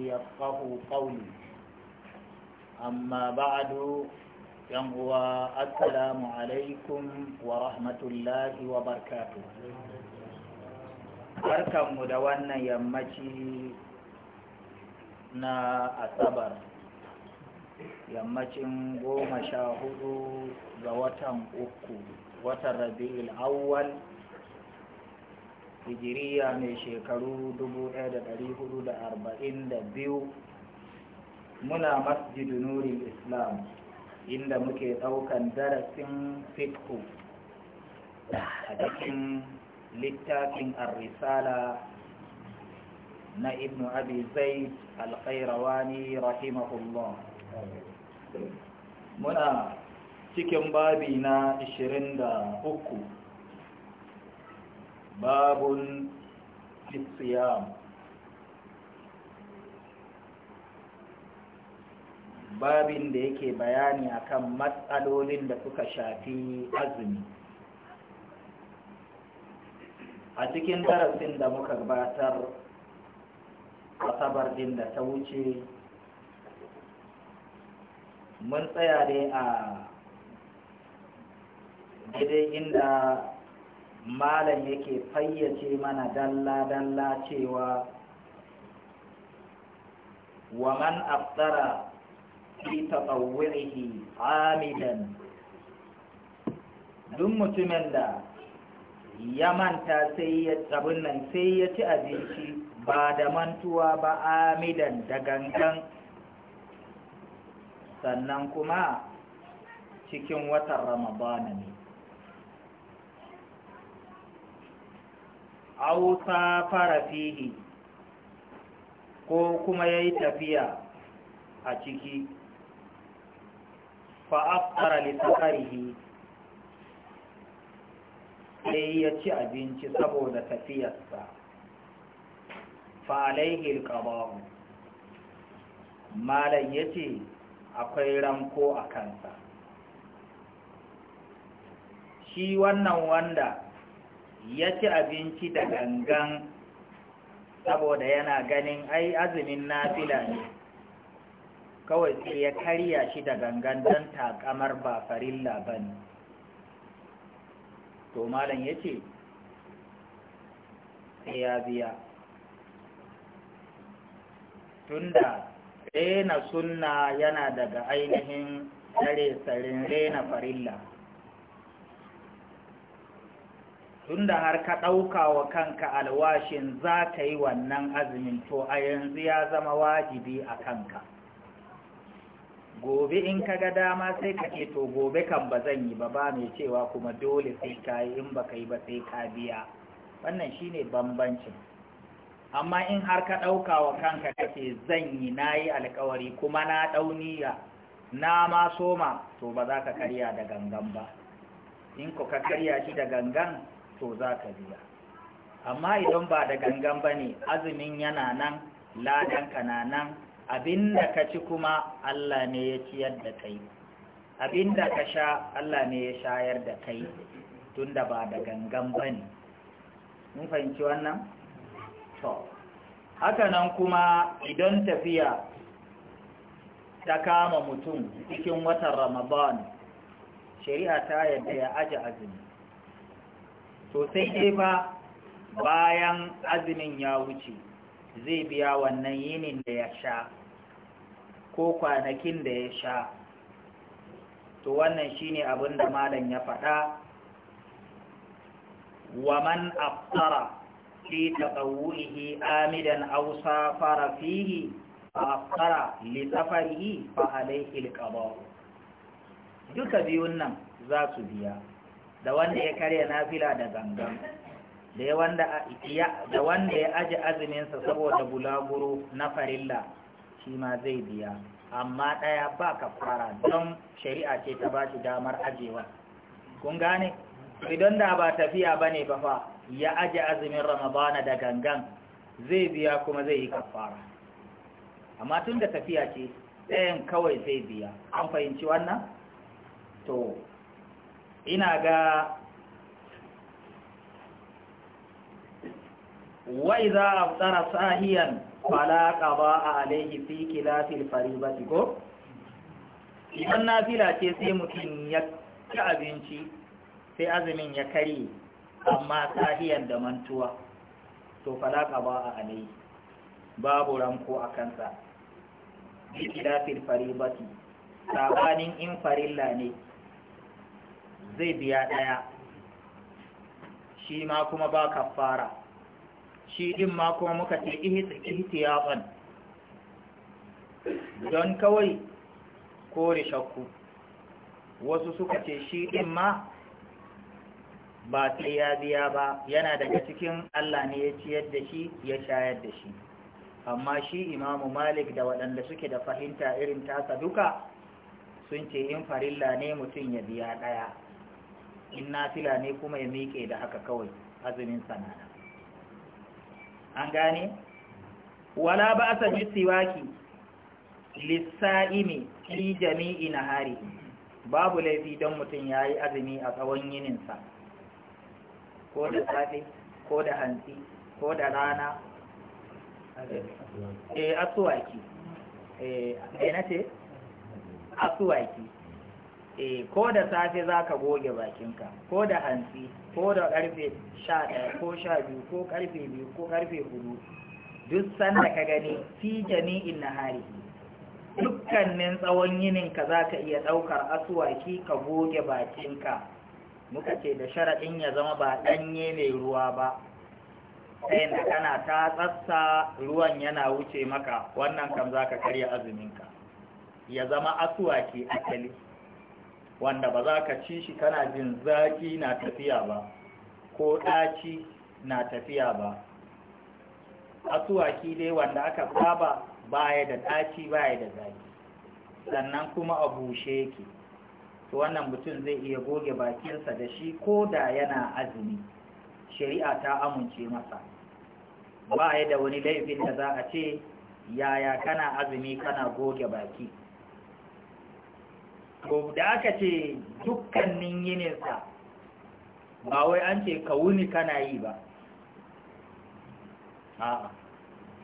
يفقهوا قولي أما بعد asalamu السلام عليكم ورحمة الله وبركاته barkanmu da wannan yammaci na asabar yammacin goma sha hudu ga watan uku watan rabi'ul awwal hijiriya mai shekaru da da arba'in biyu. muna masjidu nurin islam inda muke ɗaukan darasin fikhu a cikin littafin arrisala na ibnu abi zaid alkhairawani rahimahullah muna cikin babi na 23 babun siyam babin da yake bayani akan matsalolin da suka shafi azumi a cikin darasin da muka gabatar asabar din da ta wuce mun tsaya dai a gida inda malam yake fayyace mana dalla-dalla cewa wa man aftara fi tatawwurihi amidan duk mutumin da ya manta sai ya abin nan sai ya ci abinci ba da mantuwa ba amidan da gangan sannan kuma cikin watan ramadana ne aw fara fihi ko kuma yayi tafiya a ciki fa afṭara li safarihi sai ya ci abinci saboda tafiyarsa fa alaihi alqada'u malam yace akwai ranko a kansa shi wannan wanda ya ci abinci da gangan saboda yana ganin ai azumin nafila ne kawai sai ya karya shi da gangan don takamar ba farilla ba ne to malam ya ce sai ya biya tunda rena sunna yana daga ainihin tsare tsarin rena farilla tun da har ka ɗauka wa kanka alwashin za ka yi wannan azumin to a yanzu ya zama wajibi a kanka gobe in ka ga dama sai ka ce to gobe kan ba zan yi ba ba mai cewa kuma dole sai ka yi in ba ka yi ba sai ka biya wannan shi ne bambancin amma in har ka ɗauka wa kanka kake zan yi na yi alkawari kuma na ɗauniya na ma soma to ba za ka karya da gangan ba in ko ka karya shi da gangan to za ka biya amma idan ba da gangan ba ne azumin yana nan ladanka na nan abin da ka ci kuma Allah ne ya ciyar da kai Abin da ka sha Allah ne ya shayar da kai tunda ba da gangan ba ne mun fahimci wannan? to haka nan kuma idan tafiya ta kama mutum cikin watan ramadan shari'a ta yadda ya aji azumi to sai dai ba bayan azumin ya wuce zai biya wannan yinin da ya sha ko kwanakin da ya sha to wannan shine abin da malam ya faɗa wa man aftara fi taqawwihi amidan aw safara fihi aftara li safarihi fa alayhi al duka biyun nan za su biya da wanda ya karya nafila da gangan da wanda ya da wanda ya azuminsa saboda bulaguro na farilla shi ma zai biya amma ɗaya ba kafara don shari'a ce ta ba shi damar ajewa kun gane idan da ba tafiya ba ne ba fa ya aje azumin ramadana da gangan zai biya kuma zai yi kafara amma tun da tafiya ce ɗayan kawai zai biya an fahimci wannan to ina ga wai za a tsara sahiyan falaka ba a alaihi fi kilafil faribati ko idan na fila ce sai mutum ya ci abinci sai azumin ya kare amma sahiyan da mantuwa to falaka ba a alaihi babu ranko a kansa fi kilafil faribati sabanin in farilla ne zai biya ɗaya shi ma kuma ba kafara shi ɗin ma kuma muka ce ihtiyaban don kawai kore shakku wasu suka ce shi ɗin ma ba sai ya biya ba yana daga cikin Allah ne ya ciyar da shi ya shayar da shi amma shi imamu malik da waɗanda suke da fahimta irin tasa duka sun ce in farilla ne mutum ya biya ɗaya in nafila ne kuma ya miƙe da haka kawai azumin sanana an gane wala ba a sabi siwaki lissa'imi fi jami'i na hari babu laifi don mutum ya yi azumi a tsawon yininsa ko da safe ko da hantsi ko da rana e asuwaki e na ce asuwaki eh ko da safe za ka goge bakinka ko da hantsi ko da karfe sha ɗaya ko sha biyu ko karfe biyu ko karfe hudu duk sanda ka gani fi jami'in nahari dukkanin tsawon yininka za ka iya ɗaukar asuwaki ka goge bakinka muka ce da sharaɗin ya zama ba ɗanye ne ruwa ba sai da kana ta tsatsa ruwan yana wuce maka wannan kam za ka karya azuminka ya zama asuwaki akali wanda ba za ka ci shi kana jin zaki na tafiya ba ko ɗaci na tafiya ba asuwaki dai wanda aka saba baya da ɗaci baya da zaki sannan kuma a bushe yake to wannan mutum zai iya goge bakinsa da shi ko da yana azumi shari'a ta amince masa ba da wani laifin da za a ce yaya kana azumi kana goge baki to da aka ce dukkanin yininsa ba wai an ce ka wuni kana yi ba a'a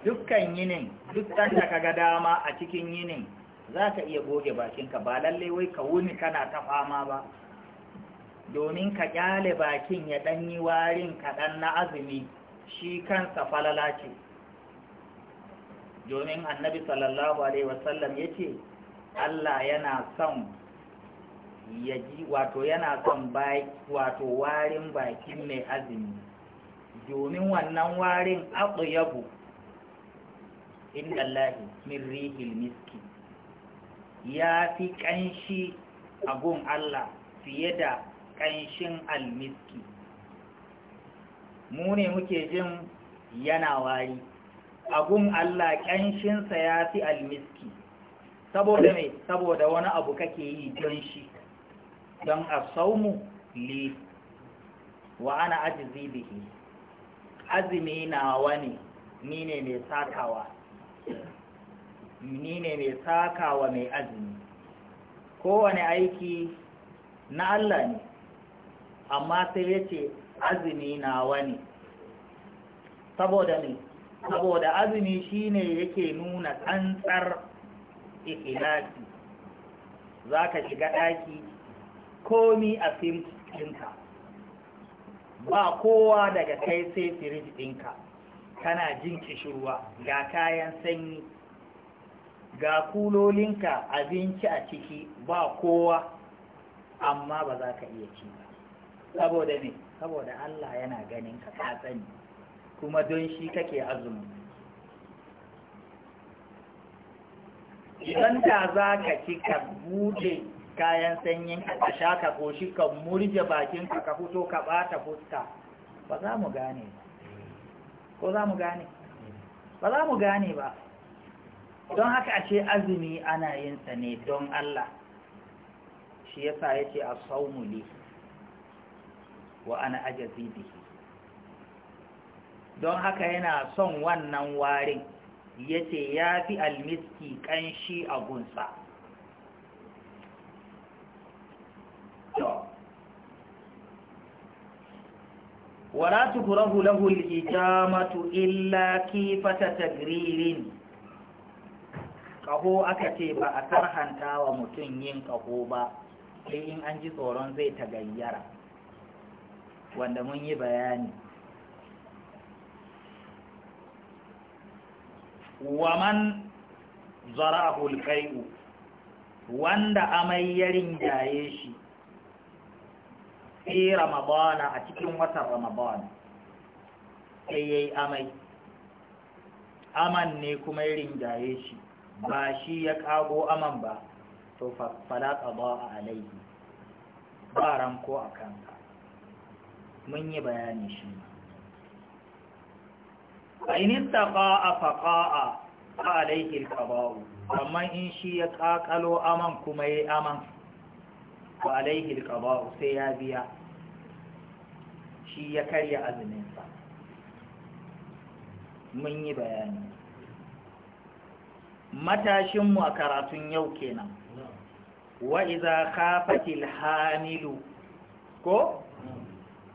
dukkan yinin duk da ka ga dama a cikin yinin za ka iya goge bakinka ba lalle wai ka wuni kana ta fama ba domin ka kyale bakin ya yi warin kaɗan na azumi shi kansa falala ce domin annabi sallallahu alaihi wasallam ya ce Allah yana son ya ji wato yana son bai wato warin bakin mai azumi domin wannan warin abu yabu inda Allah min rihil miski ya fi ƙanshi a gun Allah fiye da ƙanshin almiski mu ne muke jin yana wari agun Allah ƙanshinsa ya fi almiski saboda mai saboda wani abu kake yi don shi don a saumu li wa ana ajizi bihi azumi na wani ni ne mai sakawa ni ne mai sakawa mai azumi kowane aiki na Allah ne amma sai ya ce azumi wani." saboda ne saboda azumi shine yake nuna tsantsar ikhlasi zaka shiga daki komi a ɗinka ba kowa daga kai sai firij ɗinka kana jin kishirwa ga kayan sanyi ga kulolinka abinci a ciki ba kowa amma ba za ka iya ci ba saboda ne saboda Allah yana ganin ka katsani kuma don shi kake azumi idan ta za ka ci ka bude kayan sanyin ka sha ka koshi ka murje bakin ka ka fito ka bata fuska ba za mu gane ko za mu gane ba za mu gane ba don haka a ce azumi ana yin sa ne don Allah shi yasa yake a sawmu li wa ana ajazi bihi don haka yana son wannan warin yace yafi almiski kanshi a gunsa wala tukrahu lahu al fata illa kifata tagririn kaho aka ce ba a hanta wa mutum yin kaho ba sai in an ji tsoron zai gayyara wanda mun yi bayani man zara'ahul kai'u wanda amai ya shi fi ramadana a cikin watan ramadana sai ya yi amai aman ne kuma ya rinjaye shi ba shi ya kago aman ba to falaka ba a alaihi ba ranko a kanka mun yi bayani shi a inista ba fa faƙa'a a alaihi kaba'u amma in shi ya ƙaƙalo aman kuma ya yi aman wa alaihi sai ya biya shi ya karya azuminsa mun yi bayani matashinmu a karatun yau kenan wa iza khafatil hamilu ko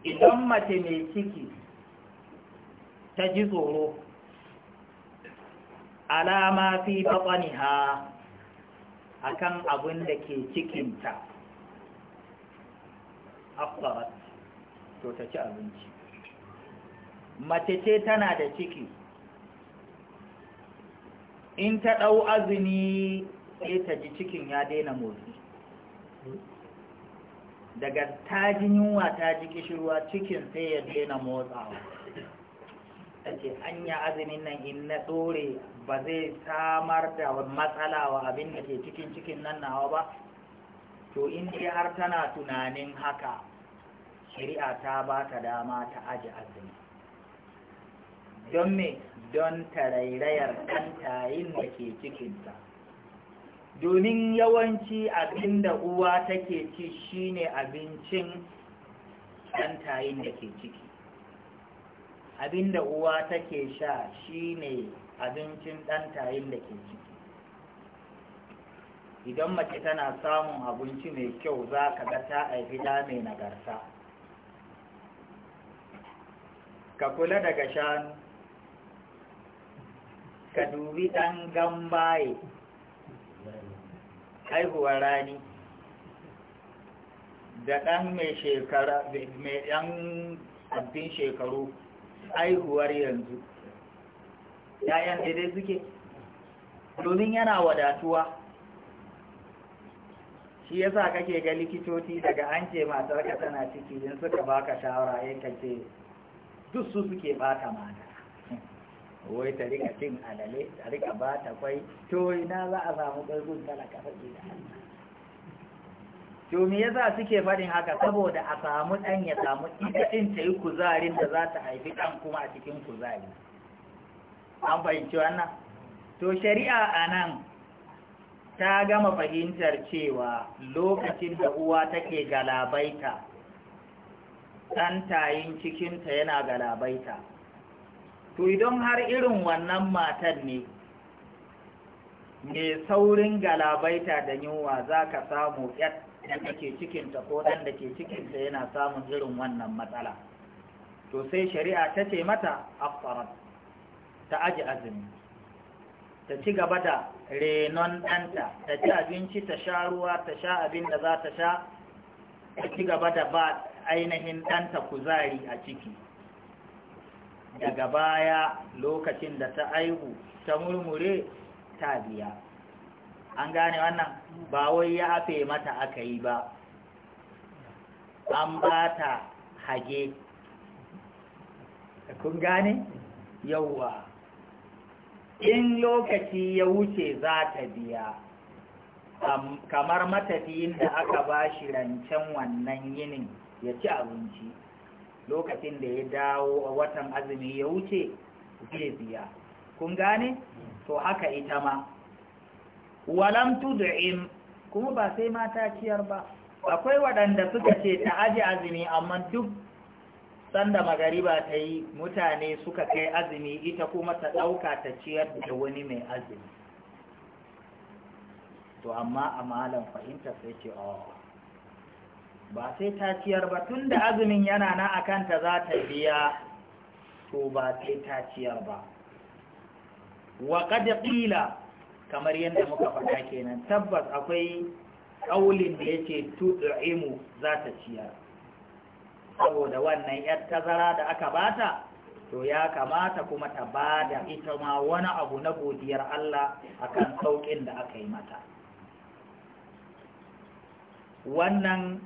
idan mace mai ciki ta ji tsoro alama fi batsaniha akan abin da ke cikinta to ta ci abinci mace ce tana da ciki in ta ɗau azumi sai ta ji cikin ya daina motsi daga ta ji yunwa ta ji kishirwa cikin sai ya daina motsawa ta ce anya azumin nan in na dore ba zai samar da matsala wa abin da ke cikin cikin nan nawa ba to in dai har tana tunanin haka shari'a ta ba ta dama ta aji azumi don me don tarairayar kantayin da ke cikinta domin yawanci abin da uwa take ci shine abincin kantayin da ke ciki abin da uwa take sha shine abincin ɗantayin da ke ciki idan mace tana samun abinci mai kyau za ka ga ta aifi da mai nagarta ka kula daga shanu ka dubi ɗan gambaye haihuwar rani da ɗan mai shekara mai ɗan abin shekaru haihuwar yanzu ‘ya'yan daidai suke domin yana wadatuwa shi yasa kake ga likitoci daga an ce matarka na ciki don suka baka shawara ya kace duk su suke bata mana wai ta rika cin alale ta rika bata kwai to ina za a samu ƙarfin talaka faɗi da hannu? to me yasa suke faɗin haka saboda a samu ɗan ya samu ita ɗin ta yi kuzarin da za ta haifi ɗan kuma a cikin kuzari an fahimci wannan to shari'a a nan ta gama fahimtar cewa lokacin da uwa take galabaita ɗan tayin cikinta yana galabaita to idan har irin wannan matan ne mai saurin galabaita da yunwa za ka samu da ke cikinta ko ɗan da ke cikinta yana samun irin wannan matsala to sai shari'a ta ce mata afsarat ta aji azumi ta ci gaba da renon ɗanta ta ci abinci ta sha ruwa ta sha abin da za ta sha ta ci gaba da ba ainihin ɗanta kuzari a ciki daga baya lokacin da ta aihu ta murmure ta biya an gane wannan ba wai ya afe mata aka yi ba an ba ta hage kun gane yauwa in lokaci ya wuce za ta biya kamar matafiyin da aka ba shi rancen wannan yinin ya ci abinci lokacin da ya dawo a watan azumi ya wuce zai biya kun gane to haka ita ma walam tud'im kuma ba sai mata ciyar ba akwai waɗanda suka ce ta aji azumi amma duk sanda magariba ta yi mutane suka kai azumi ita kuma ta ɗauka ta ciyar da wani mai azumi to amma a malam fahimta sai ce oh ba sai ta ciyar ba tun da azumin yana na a kanta za ta biya to ba sai ta ciyar ba wa kada ƙila kamar yadda muka faɗa kenan tabbas akwai ƙaulin da yake tu'imu za ta ciyar saboda wannan yar tazara da aka bata to ya kamata kuma ta ba da ita ma wani abu na godiyar Allah akan saukin da aka yi mata wannan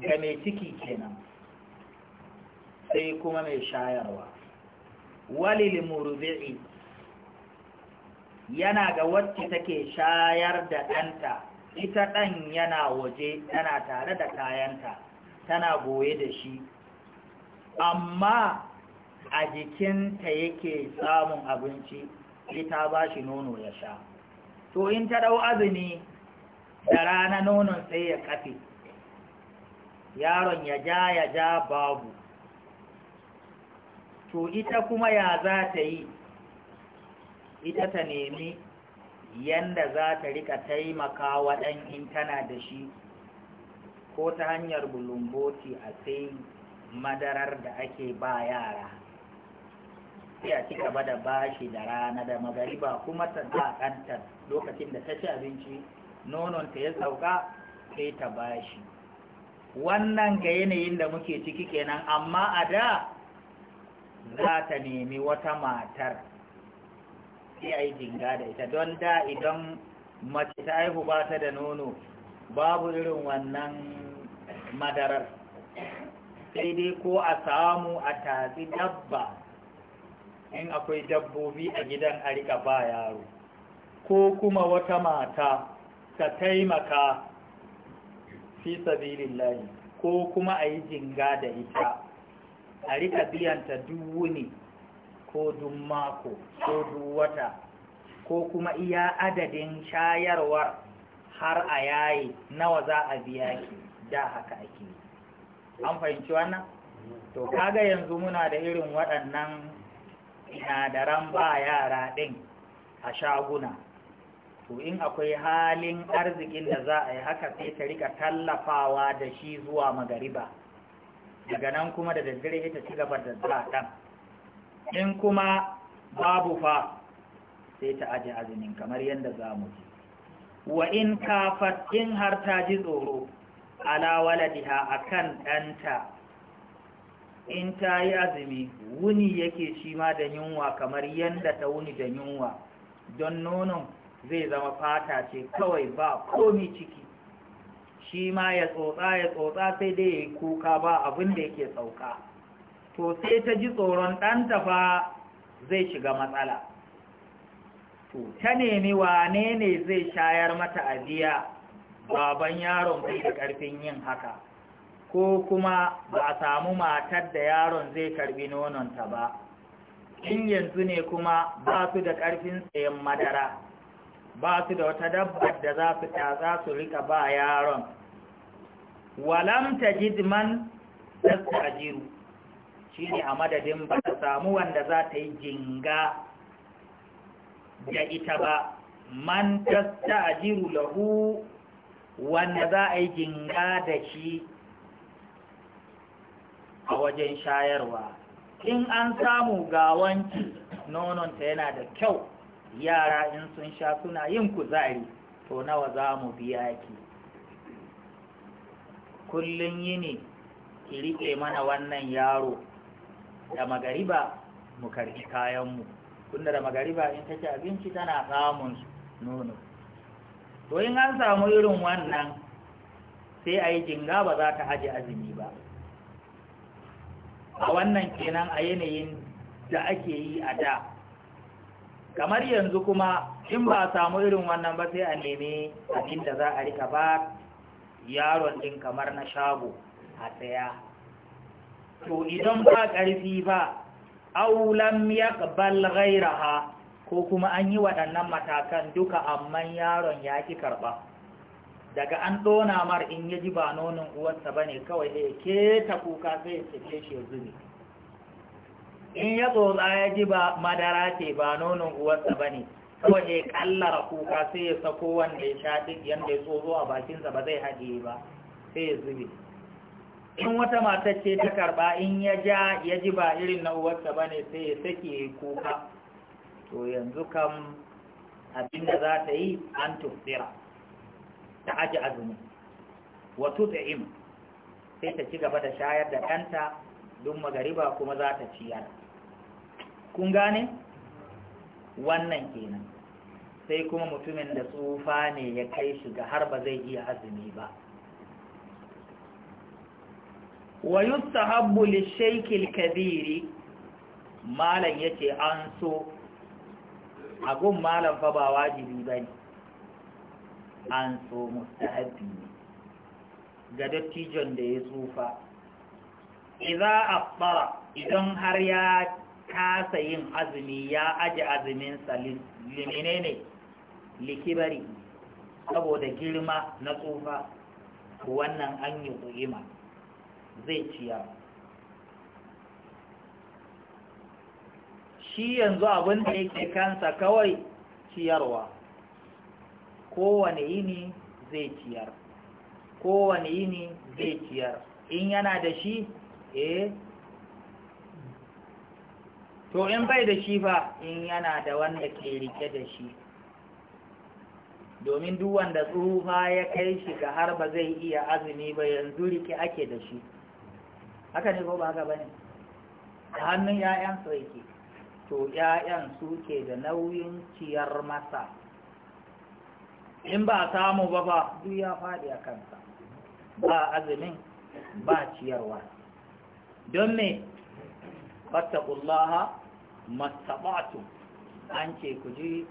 ga mai ciki kenan sai kuma mai shayarwa walil murdi'i yana ga wacce take shayar da ɗanta ita ɗan yana waje tana tare da kayanta tana goye da shi amma a jikinta yake samun abinci ita ba shi nono ya sha to in ta ɗau azumi da rana nonon sai ya kafe yaron ya ja ya ja babu to ita kuma ya za ta yi ita ta nemi yanda za ta rika taimaka wa ɗan in tana da shi ko ta hanyar bulumboti a sai madarar da ake ba yara sai ci gaba da bashi da rana da magariba kuma ta ba ɗanta lokacin da ta ci abinci nononta ya sauka sai ta bashi wannan ga yanayin da muke ciki kenan amma a da za ta nemi wata matar sai a yi jinga da ita don da idan mace ta haihu ba ta da nono babu irin wannan madarar sai dai ko a samu a tatsi dabba in akwai dabbobi a gidan a rika ba yaro ko kuma wata mata ta taimaka fi sabilillahi ko kuma a yi jinga da ita a rika biyanta duk ne ko dun mako ko ko kuma iya adadin shayarwar har a yayi nawa za a biya ki da haka ake an fahimci wannan to kaga yanzu muna da irin waɗannan inadaran ba yara ɗin a shaguna to in akwai halin arzikin da za a yi haka sai ta rika tallafawa da shi zuwa magariba daga nan kuma da daddare ita ci gaba da zaɗan in kuma babu fa sai ta aje azumin kamar yadda za mu ji wa in kafar in har ta ji tsoro ala a akan ɗanta in ta yi azumi wuni yake shi ma da yunwa kamar yadda ta wuni da yunwa don nonon zai zama fata ce kawai ba komi ciki shi ma ya tsotsa ya tsotsa sai dai ya yi kuka ba abin da yake sauka to sai ta ji tsoron ɗanta fa zai shiga matsala to ta nemi wane ne zai shayar mata ajiya baban yaron bai da ƙarfin yin haka ko kuma ba a samu matar da yaron zai karbi nononta ba in yanzu ne kuma ba su da ƙarfin tsayen madara ba su da wata dabbar da za su za su rika ba yaron walam tajid man Shi shine a madadin ba ta samu wanda za ta yi jinga da ita ba man tastajiru lahu wanda za a yi jinga da shi a wajen shayarwa in an samu ga nonon ta yana da kyau yara in sun sha suna yin kuzari to nawa za mu biya ki kullum yini ki riƙe mana wannan yaro da magariba mu karɓi kayanmu tunda da magariba in ta ci abinci tana samun nono to in an samu irin wannan sai a yi jinga ba za ta haji azumi ba a wannan kenan a yanayin da ake yi a da kamar yanzu kuma in ba samu irin wannan ba sai a nemi abin da za a rika ba yaron din kamar na shago a tsaya to idan ba ƙarfi ba aulam ya ƙabal ghairaha ko kuma an yi waɗannan matakan duka amma yaron ya ki karɓa daga an ɗona mar in yaji ba nonin uwarsa ba ne kawai ya keta kuka sai ya cike shi ya zube in ya tsotsa ya ji ba madara ce ba nonon uwarsa ba ne kawai ya kallara kuka sai ya sako wanda ya sha yadda ya tsoro a bakinsa ba zai haɗe ba sai ya zube in wata matar ce ta karɓa in ya ja ya ji ba irin na uwarsa ba ne sai ya sake kuka to yanzu kam da za ta yi an tufsira ta aji azumi wa im sai ta ci gaba da shayar da ɗanta don magariba kuma za ta ciyar kun gane wannan kenan sai kuma mutumin da tsufa ne ya kai shi ga har ba zai iya azumi ba wa yustahabbu lishaykil kabiri malam yace an so a gun malam fa ba wajibi bane an so mustahabbi ne ga dattijon da ya tsufa idza idan har ya kasa yin azumi ya aji azuminsa limine ne likibari saboda girma na tsufa wannan an yi ƙu'ima zai ciya shi yanzu abin da yake kansa kawai ciyarwa kowane yini zai ciyar kowane yini zai ciyar in yana da shi eh to in bai da shi ba, in yana da wanda ke rike da shi domin duk wanda tsufa ya kai shi ga har ba zai iya azumi ba yanzu rike ake da shi haka ne ko ba haka bane da hannun 'ya'yansa yake to 'ya'yan su ke da nauyin ciyar masa in ba samu ba ba duk ya faɗi a kansa ba azumin ba ciyarwa don me fattakullaha mastabatu an ce ku ji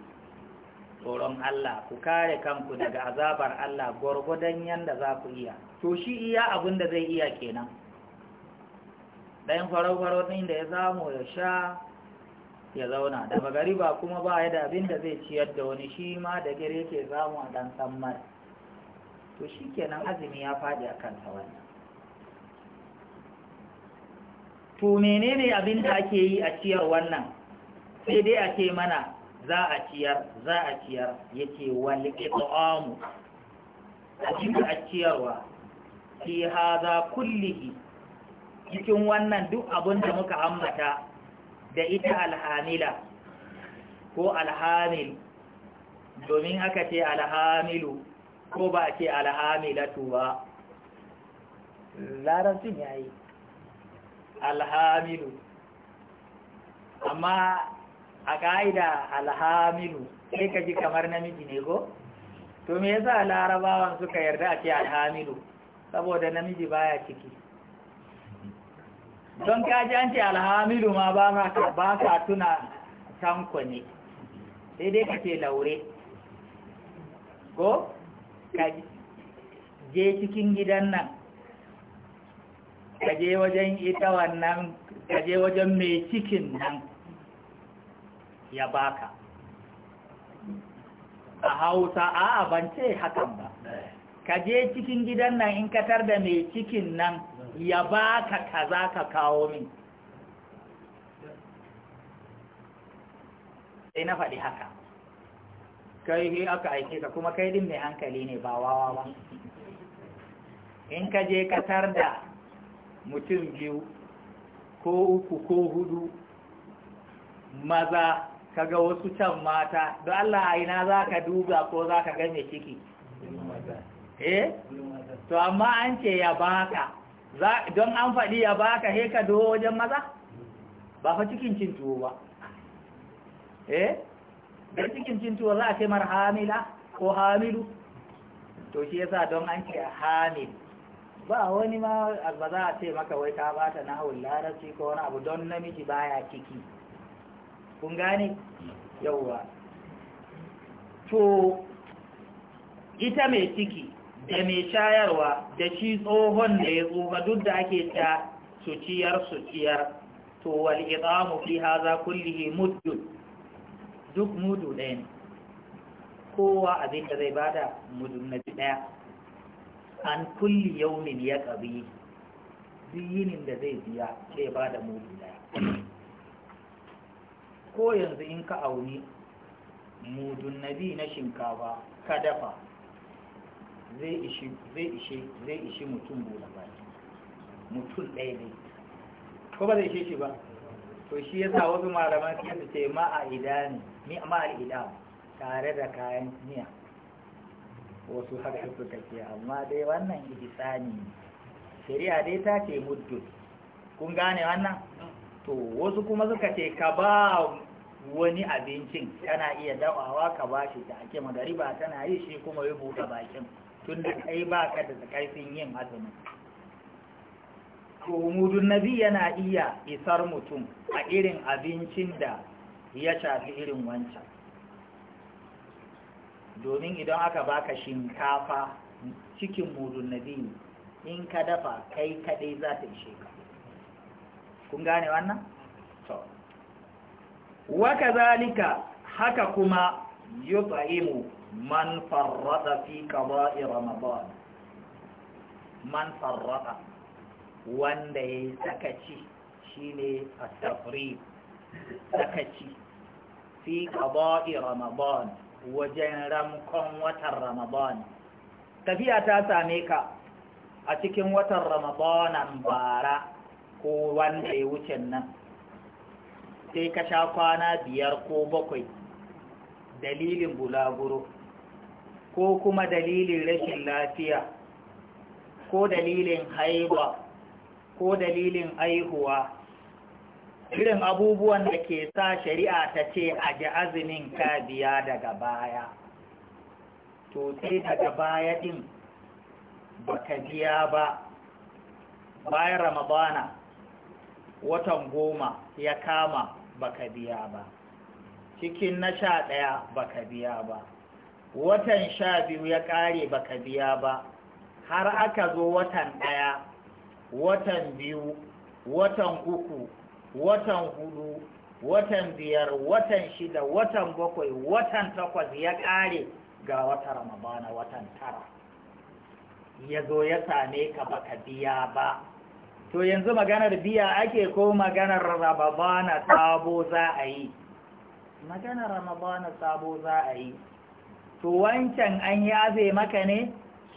tsoron Allah ku kare kanku daga azabar Allah gwargwadon yanda za ku iya to shi iya abin da zai iya kenan ɗayan faro-faro ɗin da ya samu ya sha ya zauna da ba kuma ba ya da abin da zai ciyar da wani shi ma da gare ke samu a ɗan sammar to shi kenan azumi ya faɗi a kansa wannan to menene abin da ake yi a ciyar wannan sai dai a mana za a ciyar za a ciyar yake wal a cikin a ciyarwa fi haza kullihi cikin wannan duk abin da muka ambata da ita alhamila ko alhamil domin aka ce alhamilu ko ba a ce alhamilatu ba larabcin yayi alhamilu amma a ƙa'ida alhamilu sai ka ji kamar namiji ne ko? to me yasa larabawan suka yarda a ce alhamilu saboda namiji baya ciki don kaji an ce alhamilu ma ba sa tuna tanko ne sai dai ka ce laure ko? ka je cikin gidan nan kaje wajen ita wannan kaje wajen mai cikin nan ya baka a hausa a abance hakan ba kaje cikin gidan nan in katar da mai cikin nan ya baka kaza ka kawo min sai na faɗi haka kai he aka aike ka kuma kai din mai hankali ne ba wawa ba in ka je katar da mutum biyu ko uku ko hudu maza kaga wasu can mata da Allah a ina za ka duba ko za ka gane ciki eh to amma an ce ya baka don an faɗi ya baka he ka do wajen maza ba fa cikin cin tuwo ba eh da cikin cin tuwo za a ce mar hamila ko hamilu to shi yasa don an ce hamil ba wani ma ba za a ce maka wai ta bata na hawan larabci ko wani abu don namiji baya ciki kun gane yauwa to ita mai ciki da mai shayarwa da shi tsohon da ya tsufa duk da ake ta suciyar suciyar to wal idamu fi haza kullihi muddu duk mudu ɗaya ne kowa abin da zai bada mudu na ɗaya an kulli yaumin ya ƙabi duk yinin da zai biya ke ba da mudu daya ko yanzu in ka auni mudun nabi na shinkafa ka dafa zai ishi mutum bude ba mutum ɗaya ne ko ba zai ishe shi ba to shi ya sa wasu malaman su ce ma'a idani ni ma'a idan tare da kayan miya wasu haka suka ce amma dai wannan ihsani shari'a dai ta ce muddu kun gane wannan to wasu kuma suka ce ka ba wani abincin tana iya dawawa ka ba shi ta ake magariba tana yi shi kuma yi buka bakin tun da kai ba ka da karfin yin azumin na nabi yana iya isar mutum a irin abincin da ya shafi irin wancan domin idan aka baka shinkafa cikin mudun nabi in ka dafa kai kadai za ta ishe ka kun gane wannan to wa kazalika haka kuma yut'imu man farrada fi qada'i ramadan man farrada wanda yayi sakaci shine at-tafriq sakaci fi qada'i ramadan wajen ramkon watan ramadan tafiya ta same ka a cikin watan ramadanan bara ko wanda ya wuce nan sai ka sha kwana biyar ko bakwai dalilin bulaguro ko kuma dalilin rashin lafiya ko dalilin haihuwa ko dalilin aihuwa irin abubuwan da ke sa shari'a ta ce a ji azumin ka biya daga baya to sai daga baya din baka biya ba bayan ramadana watan goma ya kama baka biya ba cikin na sha ɗaya baka biya ba watan sha biyu ya ƙare baka biya ba har aka zo watan ɗaya watan biyu watan uku watan hudu watan biyar watan shida watan bakwai watan takwas ya ƙare ga wata ramabana watan tara ya zo ya same ka baka biya ba to yanzu maganar biya ake ko maganar ramabana sabo za a yi maganar ramabana sabo za a yi to wancan an yabe maka ne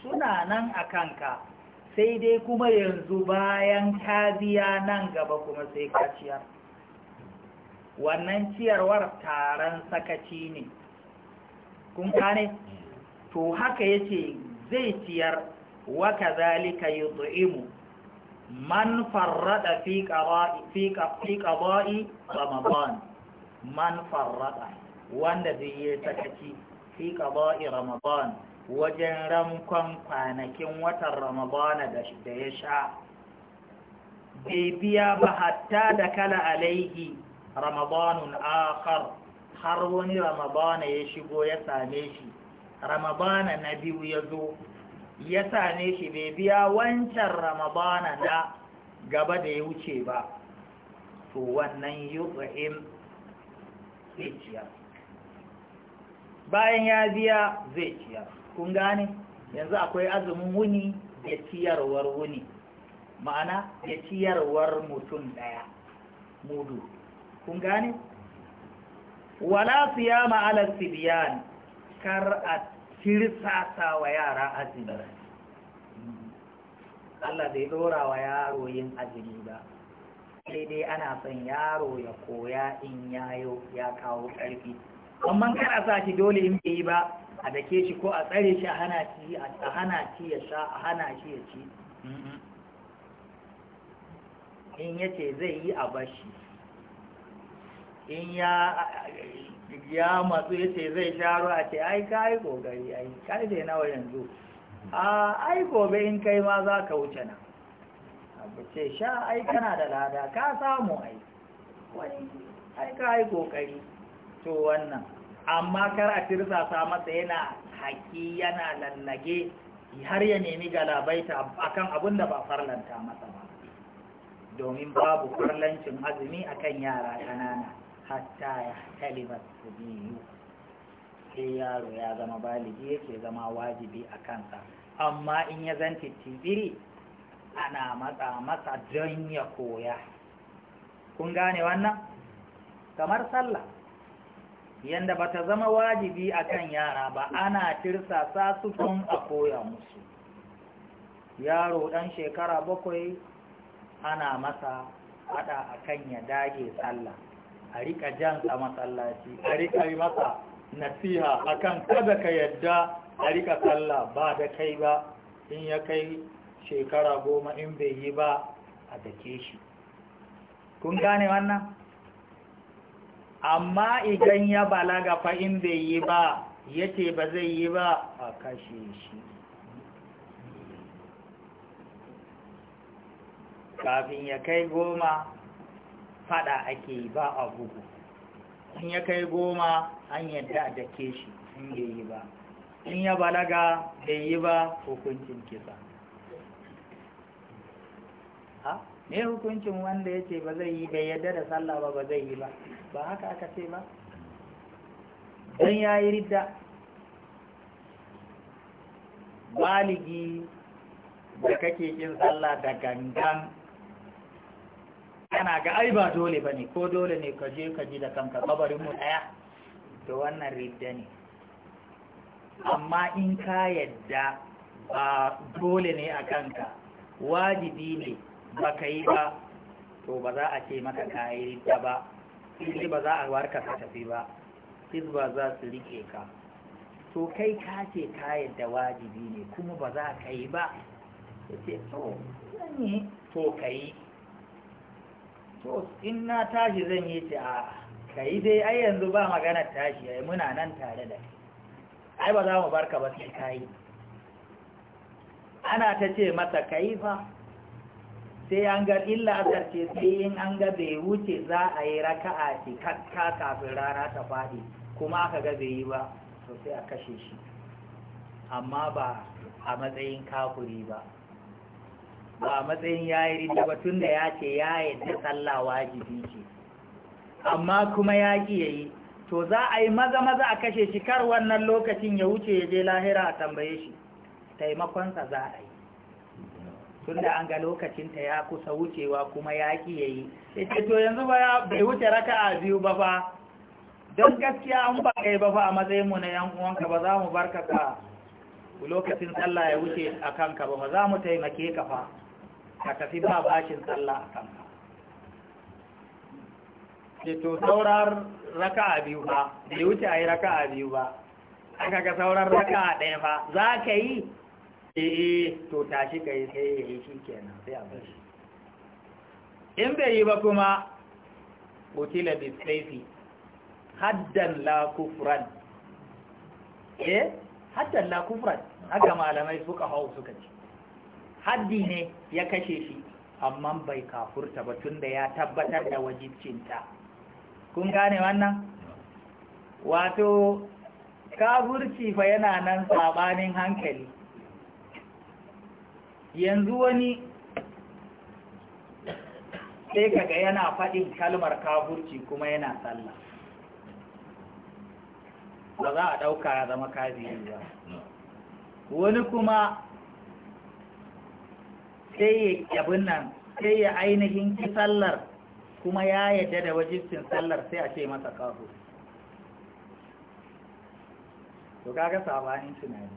suna nan a kanka sai dai kuma yanzu bayan ka biya nan gaba kuma sai ka ciyar wannan ciyarwar taron sakaci ne kun kane to haka yace zai ciyar wa kazalika yut'imu man farrada fi qara'i fi qada'i ramadan man farrada wanda zai yi sakaci fi qada'i ramadan wajen rankon kwanakin watan ramadana da ya sha bai biya ba hatta da kala alaihi ramadanun akhar har wani ramadana ya shigo ya same shi ramadana na biyu ya zo ya same shi bai biya wancan ramadana da gaba da ya wuce ba to wannan yuzhim zai bayan ya biya zai ciyar kun gane yanzu akwai azumin wuni da ciyarwar wuni ma'ana da ciyarwar mutum ɗaya mudu kun gane wala siyama ala sibiyan kar a tirsasa wa yara azumi Allah bai dora wa yaro yin azumi ba sai dai ana son yaro ya koya in yayo ya kawo ƙarfi amma kar a sa shi dole in bai yi ba a dake shi ko a tsare shi a hana shi a hana shi ya sha a hana shi ya ci mm-hmm. in yace zai yi a bashi in ya ya matsu yace zai sha ruwa ce ai ka yi kokari ai kai dai nawa yanzu a ai gobe in kai ma za ka wuce na abu ce sha ai kana da lada ka samu ai wani ai ka yi kokari to wannan amma kar a tirsasa masa yana haƙi yana lallage har ya nemi galabaita akan abin da ba farlanta masa ba domin babu farlancin azumi akan yara ƙanana hatta ya talibar su biyu sai yaro ya zama baligi yake zama wajibi a kansa amma in ya zanti tibiri ana matsa masa don ya koya kun gane wannan kamar sallah yanda ba ta zama wajibi a kan yara ba ana sa su tun a koya musu yaro ɗan shekara bakwai ana masa haɗa a kan ya dage tsalla, a rika jan a masallaci a rika yi masa nasiha a kan kada ka yadda a riƙa tsalla, ba da kai ba in ya kai shekara goma in bai yi ba a dake shi kun gane wannan amma idan ya balaga fa in bai yi ba yace ba zai yi ba a kashe shi kafin ya kai goma fada ake ba a bugu in ya kai goma an yadda da ke shi in bai yi ba in ya balaga bai yi ba hukuncin kisa ne hukuncin wanda ya ce ba zai yi bai yadda da sallah ba ba zai yi ba ba haka aka ce ba don ya yi ridda baligi da kake kin tsalla da gangan yana ga ai ba dole ba ne ko dole ne ka je ka ji da kanka mu ɗaya da wannan ridda ne amma in ka yadda ba dole ne a kanka wajibi ne ba ka yi ba to ba za a ce maka ka yi ridda ba sai ba za a warka ka tafi ba ba za su rike ka to kai ka ce ka yadda wajibi ne kuma ba za ka yi ba ya ce to zan yi to ka yi to in na tashi zan yi ce a ka yi dai ai yanzu ba magana tashi ai muna nan tare da ai ba za mu barka ba sai ka yi ana ta ce masa ka yi fa sai an ga illa asar ce sai in an ga bai wuce za a yi raka'a ce kakka kafin rana ta faɗi kuma aka ga bai yi ba to sai a kashe shi amma ba a matsayin kafuri ba ba a matsayin yayi rida ba tun da ya ce ya yadda sallah wajibi ce amma kuma ya ki yayi to za a yi maza maza a kashe shi kar wannan lokacin ya wuce ya je lahira a tambaye shi taimakonsa za a yi tunda an ga lokacinta ya kusa wucewa kuma ya ki yayi sai to yanzu ba bai wuce raka'a biyu ba fa don gaskiya an ba kai ba fa a matsayin mu na yan uwanka ba za mu barka ka lokacin sallah ya wuce a kanka ba ba za mu taimake ka fa ka tafi ba bashin sallah a kanka sai to saurar raka'a biyu ba bai wuce a yi raka'a biyu ba aka ga saurar raka'a ɗaya fa za ka yi eh to tashi ka yi sai ya yi shi kenan sai a bari. in bai yi ba kuma kutila bi saifi haddan la kufran eh haddan la kufran haka malamai suka hau suka ce haddi ne ya kashe shi amma bai kafurta ba tunda ya tabbatar da wajibcinta kun gane wannan wato kafurci fa yana nan sabanin hankali yanzu wani sai kaga yana faɗin kalmar kafurci kuma yana sallah ba za a ɗauka ya zama kafiri ba wani kuma sai ya abin nan sai ya ainihin ki sallar kuma ya yadda da wajibcin sallar sai a ce masa kafurci to kaga sabanin tunani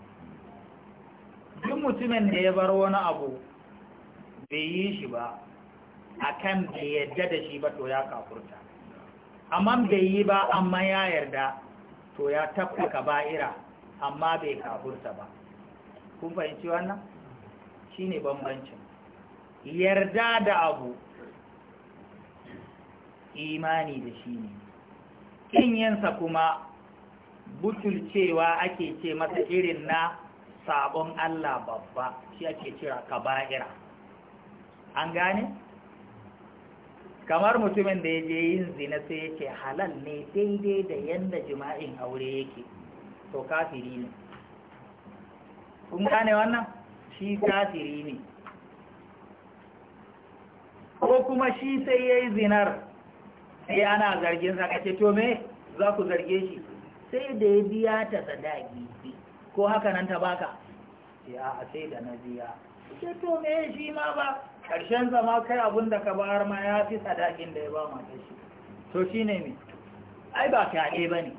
duk mutumin da ya bar wani abu bai yi shi ba kan bai yadda da shi ba to ya kafurta amma bai yi ba amma ya yarda to ya tafka ba'ira amma bai kafurta ba kun fahimci wannan Shi ne bambancin yarda da abu imani da shi ne kinyansa kuma butulcewa ake ce masa irin na sabon Allah babba shi ake kira kaba'ira an gane kamar mutumin da ya je yin zina sai ya ce halal ne daidai da yadda jima'in aure yake to kafiri ne kun gane wannan shi kafiri ne ko kuma shi sai ya yi zinar sai ana zargin sa kace to me za ku zarge shi sai da ya biya ta sadaki ko haka nan ta baka ya a sai da na biya ke to me shi ma ba karshen zama kai abin da ka bayar ma ya fi sadakin da ya ba ta shi to shi ne me ai ba fyaɗe ba ne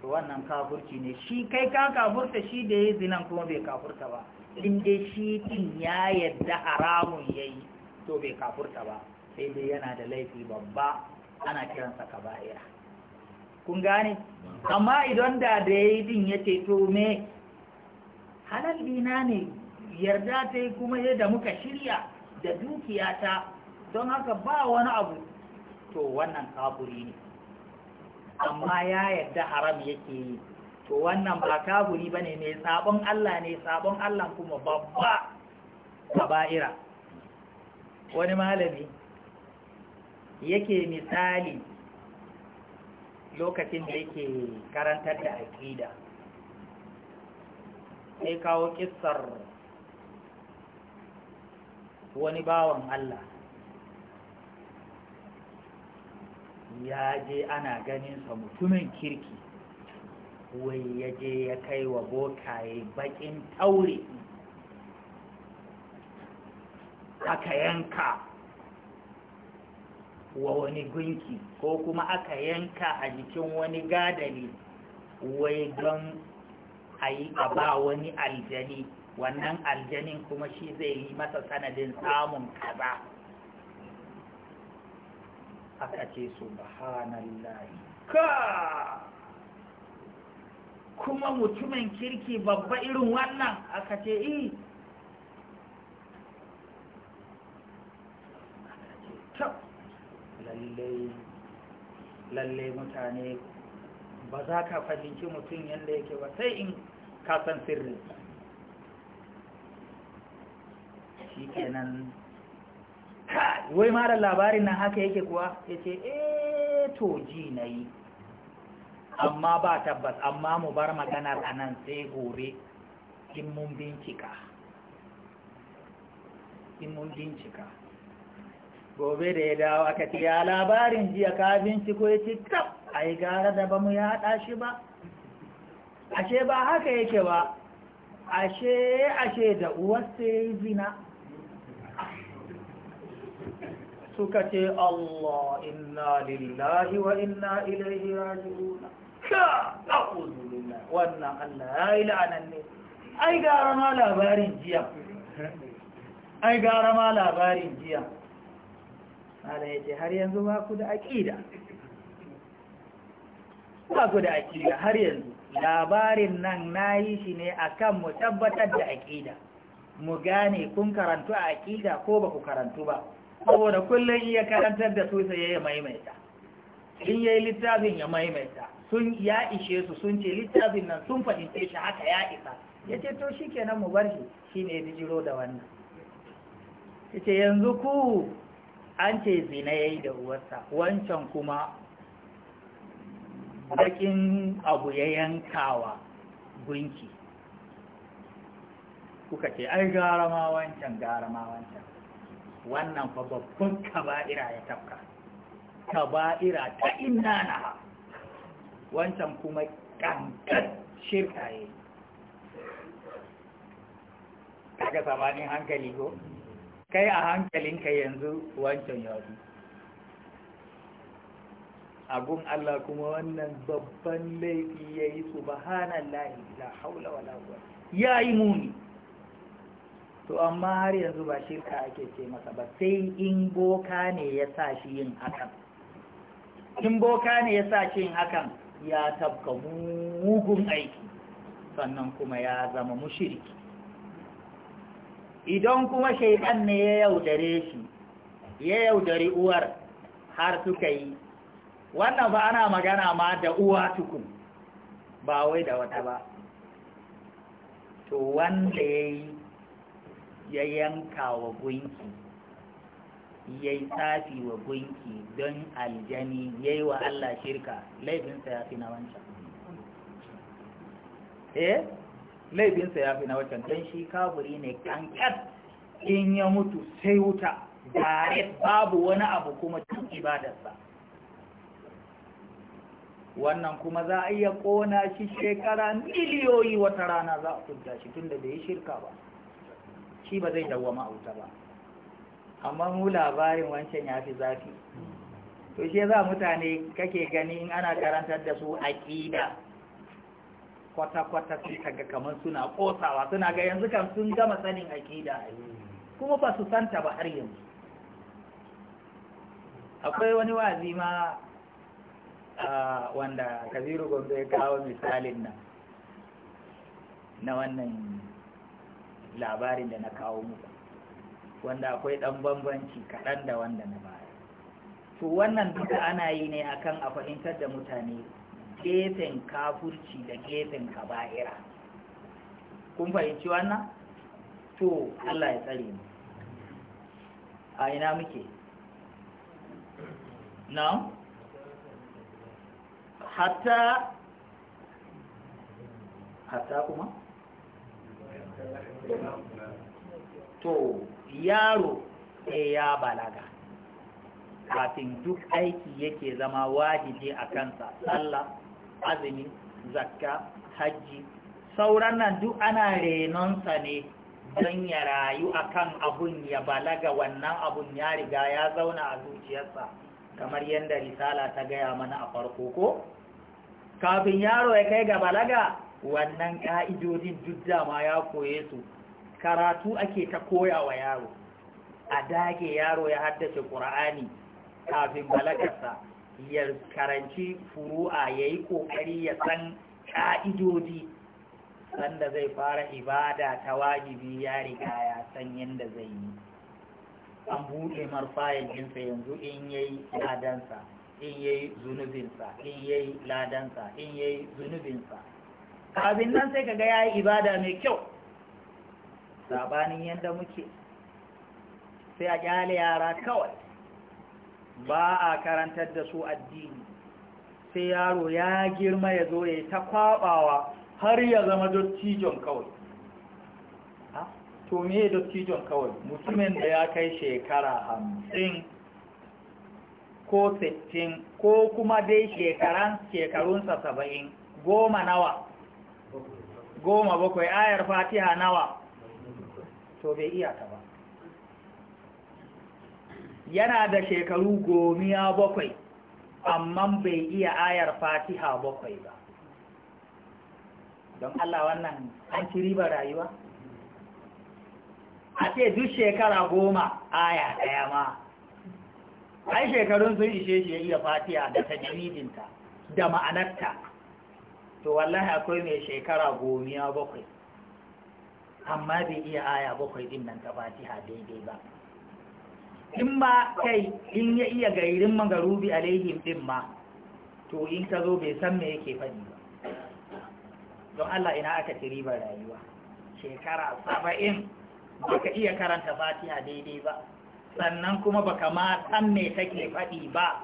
to wannan kafurci ne shi kai ka kafurta shi da ya yi zinan kuma bai kafurta ba in dai shi ɗin ya yadda haramun ya yi to bai kafurta ba sai dai yana da laifi babba ana kiransa ba'ira kun gane amma idan da da ya yi din ya ce to me halal dina ne yarda ta yi kuma yadda muka shirya da dukiyata don haka ba wani abu to wannan kaburi ne amma ya yarda haram yake yi to wannan ba kaburi ba ne mai sabon Allah ne sabon Allah kuma babba ba'ira wani malami yake misali lokacin da yake karantar da aƙida sai kawo ƙisar wani bawan Allah ya je ana ganinsa mutumin kirki wai ya je ya kai wa bokaye bakin taure aka yanka wa wani gunki ko kuma aka yanka a jikin wani gadari wai don a yi a ba wani aljani wannan aljanin kuma shi zai yi masa sanadin samun kaza aka ce su, subhanallahi ka kuma mutumin kirki babba irin wannan aka ce eh aka lallai lalle mutane ba za ka fahimci mutum yadda yake ba sai in ka san sirri shi kenan wai mara labarin nan haka yake kuwa ya ce eh, to ji na yi amma ba tabbas amma mu bar maganar a nan sai gobe in in mun bincika gobe da ya dawo aka ce ya labarin jiya kafin binciko ya ci kaf a yi gara da ba mu ya haɗa shi ba ashe ba haka yake ba ashe ashe da uwarsa ya yi zina suka ce Allah inna lillahi wa inna ilaihi rajiuna ka a'udhu billahi wannan Allah ya yi la'anan ne ai gara ma labarin jiya ai gara ma labarin jiya mala ya ce har yanzu ba ku da aƙida ba ku da aƙida har yanzu labarin nan na yi shi ne a kan mu tabbatar da aƙida mu gane kun karantu a aƙida ko ba ku karantu ba saboda kullum iya karantar da su sai ya maimaita in ya yi littafin ya maimaita sun ya ishe su sun ce littafin nan sun fahimce shi haka ya isa ya ce to shi kenan mu bar shi shi ne da wannan ya ce yanzu ku an ce zina ya yi da uwarsa wancan kuma bakin abu ya yankawa gunki kuka ce ai gara ma wancan gara ma wancan wannan fa babban kaba'ira ya tafka kaba'ira ta inna na wancan kuma kankan shirka ya yi kaga samanin hankali ko kai a hankalinka yanzu wancan ya zo abun Allah kuma wannan babban laifi ya yi su lahi da haula wa quwwata ya yi muni to amma har yanzu ba shirka ake ce masa ba sai in boka ne ya sa shi yin hakan in boka ne ya sa shi yin hakan ya tabka mugun aiki sannan kuma ya zama mushiriki idan kuma shaidan ne ya yaudare shi ya yaudari uwar har suka yi wannan ba ana magana ma da uwa tukun ba wai da wata ba to wanda ya yi ya yanka wa gunki ya yi tsafi wa gunki don aljani ya yi wa Allah shirka laifinsa ya fi na wancan eh laifinsa ya fi na wacan don shi kaburi ne kankan in ya mutu sai wuta dare babu wani abu kuma cin ibadarsa wannan kuma za a iya kona shi shekara miliyoyi wata rana za a kunta shi tun da bai shirka ba shi ba zai dawwama a wuta ba amma mu labarin wancan ya fi zafi to shi za mutane kake gani in ana karantar da su aƙida kwata-kwata sai kaga kamar suna kosawa suna ga yanzu kan sun gama sanin ne kuma ba su santa ba har yanzu akwai wani wazi ma wanda kabiru gombe ya kawo misalin nan na wannan labarin da na kawo muku wanda akwai dan bambanci kaɗan da wanda na baya to wannan duka ana yi ne akan a fahimtar da mutane gefen kafurci da gefen kaba'ira kun fahimci wannan to Allah ya tsare mu a ina muke na hatta hatta kuma to yaro sai eh, ya balaga kafin duk aiki yake zama wajibi a kansa sallah azumi zakka hajji sauran nan duk ana renonsa ne don ya rayu a kan abun ya balaga wannan abun ya riga ya zauna a zuciyarsa kamar yadda risala ta gaya mana a farko ko kafin yaro ya kai ga balaga wannan ka'idodin duk dama ya koye su karatu ake ta koya wa yaro a dage yaro ya haddace ƙura'ani kafin balagarsa ya karanci furu'a ya yi ƙoƙari ya san ƙa'idodi sanda zai fara ibada ta wajibi ya riga ya san yadda zai yi an buɗe marfayin ɗinsa yanzu in ya yi ladansa in yi zunubinsa in yi ladansa in yi zunubinsa kafin nan sai ka kaga yi ibada mai kyau sabanin yadda muke sai a kyale yara kawai ba a karantar da su addini sai yaro ya girma ya zo ya yi ta kwabawa har ya zama dottijon kawai to me dottijon kawai musulmin da ya kai shekara hamsin ko sittin ko kuma dai shekaran shekarunsa saba'in goma nawa goma bakwai ayar fatiha nawa to bai iya ta ba yana da shekaru gomiya bakwai amma bai iya ayar fatiha bakwai ba don Allah wannan an ci riba rayuwa a ce duk shekara goma aya ɗaya ma ai shekarun sun ishe shi ya iya fatiha da tajamidinta da ma'anarta to wallahi akwai mai shekara gomiya bakwai amma bai iya aya bakwai din nan ta fatiha daidai ba in ba kai in ya iya gairin magarubi alaihim ɗin ma to in ka zo bai san me yake faɗi ba don Allah ina aka ci ribar rayuwa shekara saba'in ba ka iya karanta fatiha daidai ba sannan kuma baka ma san me take faɗi ba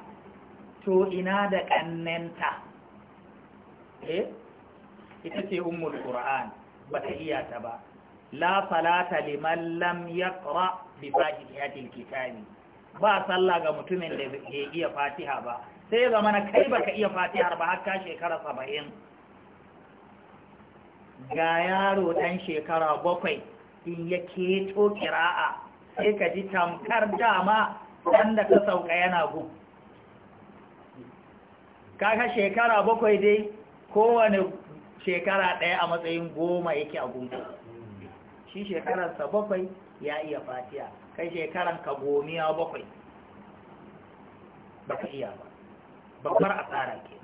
to ina da ƙannenta eh ita ce ummul qur'an bata iya ta ba la salata liman lam yaqra bi fatihatil kitabi ba sallah ga mutumin da ke iya fatiha ba sai ya zama na kai baka iya fatihar ba har ka shekara saba'in ga yaro ɗan shekara bakwai in ya keto kira'a sai ka ji tamkar dama wanda ka sauka yana gu ga shekara bakwai dai kowane shekara ɗaya a matsayin goma yake a gunku shi shekararsa bakwai ya iya fatiya kai shekaran ka gomiya bakwai baka iya ba a tsara ke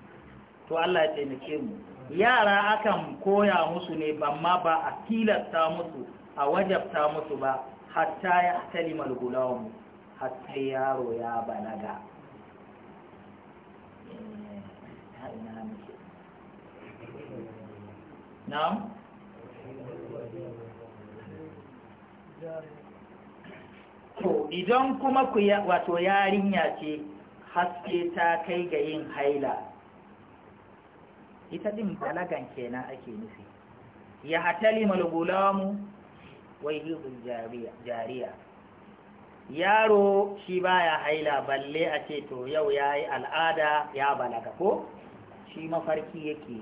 to Allah ya taimake mu yara akan koya musu ne amma ba a tilasta musu a wajabta musu ba hatta ya tali gulamu hatta yaro ya balaga eh, na'am to idan kuma ku wato yarinya ce haske ta kai ga yin haila ita din balagan kenan ake nufi ya hatali malgulamu wai hibul jariya yaro shi baya haila balle a ce to yau ya yi al'ada ya balaga ko shi mafarki yake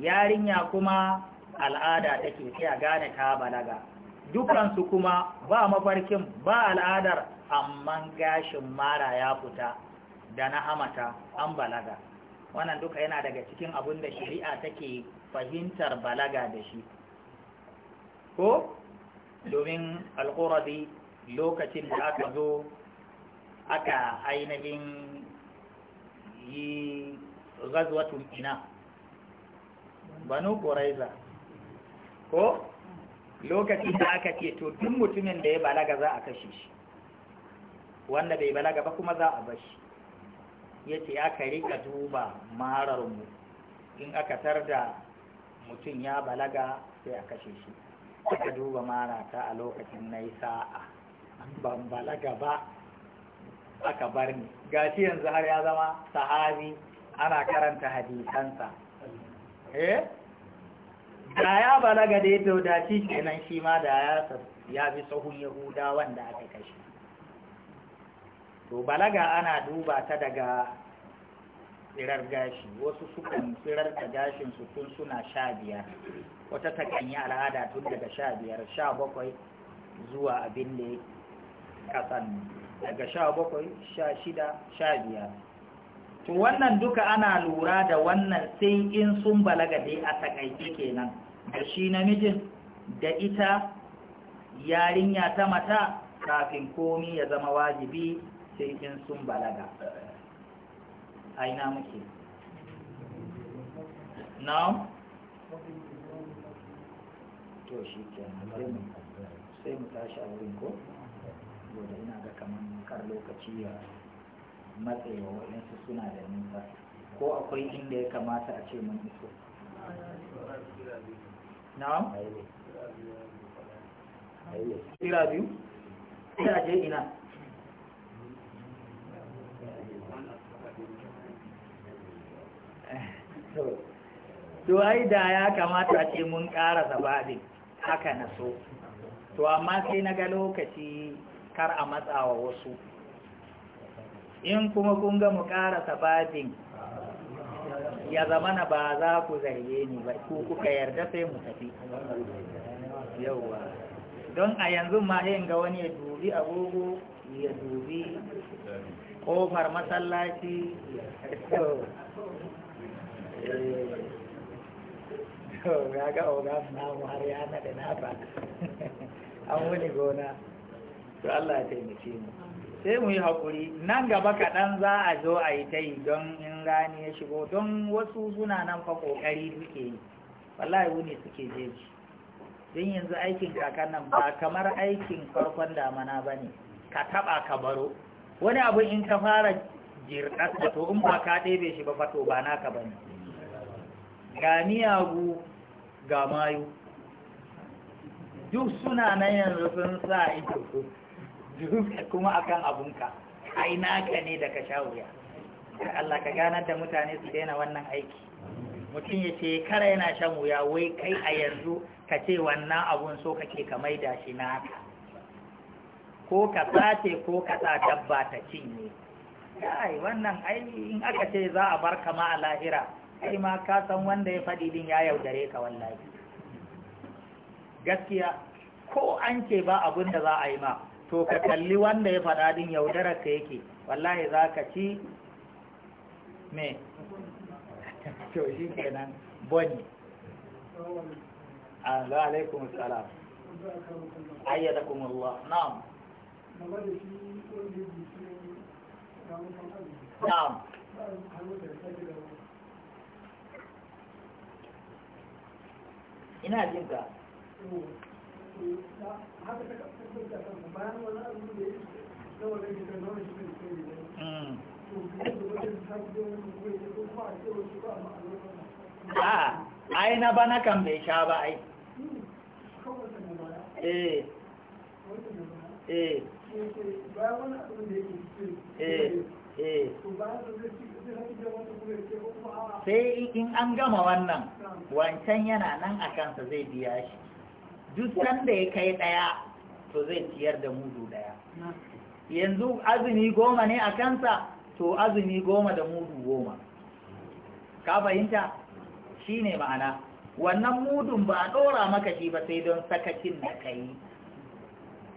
yarinya kuma al'ada take sai a gane ta balaga dukansu kuma ba mafarkin ba al'adar amma gashin mara ya fita da na hamata an balaga wannan duka yana daga cikin abin da shari'a take fahimtar balaga da shi ko domin alƙurabi lokacin da aka zo aka ainihin yi gazuwatun ina banu ƙuraiza ko lokaci da aka ce to duk mutumin da ya balaga za a kashe shi wanda bai balaga ba kuma za a bashi ya ce aka rika duba mararmu in aka tar da mutum ya balaga sai a kashe shi aka duba ta a lokacin na yi sa'a ban balaga ba aka bar ni gashi yanzu har ya zama sahabi ana karanta hadisansa eh da ya balaga da ya tauda shi kenan shi ma da ya ya bi sahun yahuda wanda aka kashe to balaga ana duba ta daga tsirar gashi wasu sukan tsirar da gashin su tun suna sha biyar wata takan yi al'ada tun daga sha biyar sha bakwai zuwa abin da kasan daga sha bakwai sha shida sha biyar to wannan duka ana lura da wannan sai in sun balaga dai a takaice kenan da shi namijin da ita yarinya ta mata kafin komi ya zama wajibi sai in sun balaga aina muke now to shi ke sai mu tashi a wurin ko gobe ina ga kaman kar lokaci ya matsewa waɗansu suna da nisa ko akwai inda ya kamata a ce mun iso na'am to ai da ya kamata ce mun ƙara zababin haka na so to amma sai na ga lokaci kar a matsawa wasu in kuma kun ga mu ƙara sababin ya zamana ba za ku zarge ni ba ku kuka yarda sai mu tafi yauwa don a yanzu ma yin ga wani ya dubi agogo ya dubi kofar masallaci ya ga oga namu har ya naɗa na ba an wuni gona to Allah ya taimake mu sai mu yi haƙuri nan gaba kaɗan za a zo a yi ta yi don in gane ya shigo don wasu suna nan fa kokari suke yi wallahi wuni suke jeji don yanzu aikin kakan nan ba kamar aikin farkon damana ba ne ka taba ka baro wani abu in ka fara jirɗas da to in ba ka ɗebe shi ba fato ba naka ba ne ga miyagu ga mayu duk suna nan yanzu sun sa ido kuma akan abunka ai naka ne da ka sha wuya Allah ka ganar da mutane su daina wannan aiki mutum ya ce kara yana shan wuya wai kai a yanzu ka ce wannan abun so kake ka maida shi naka ko ka sace ko ka sa dabba ta cinye ai wannan ai in aka ce za a bar kama a lahira kai ma ka san wanda ya faɗi din ya yaudare ka wallahi gaskiya ko an ce ba abun da za a yi ma to ka kalli wanda ya faɗa din yaudarar ka yake wallahi za ka ci me to shi kenan boni Allah alaikum salam ayyadakum Allah na'am na'am ina jin ka hmm. a ai na bana kan bai sha ba ai eh. Eh. Eh. sai in an gama wannan wancan yana nan a kansa zai biya shi duk sanda ya kai daya to zai ciyar da mudu daya yanzu azumi goma ne a kansa to azumi goma da mudu goma ka fahimta shi ne ma'ana wannan mudun ba a ɗora maka shi ba sai don sakacin da ka yi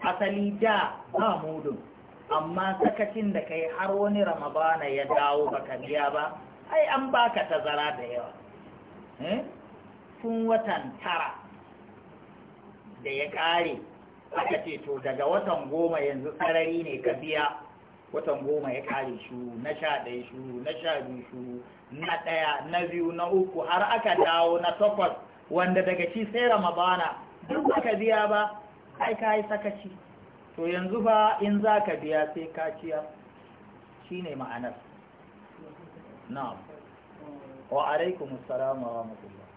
asali da ba mudun amma sakacin da ka yi har wani ramabana ya dawo baka biya ba ai an baka tazara da yawa eh? tun watan tara da ya ƙare aka ce to daga watan goma yanzu sarari ne ka biya watan goma ya kare shuru na sha ɗaya shuru na sha biyu shuru na ɗaya na biyu na uku har aka dawo na takwas wanda daga shi sai ramadana duk baka biya ba ai ka yi sakaci to yanzu ba in za ka biya sai ka ciya shi ne ma'anar na'am wa alaikum assalamu wa rahmatullah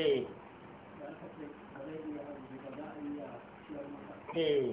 eh eh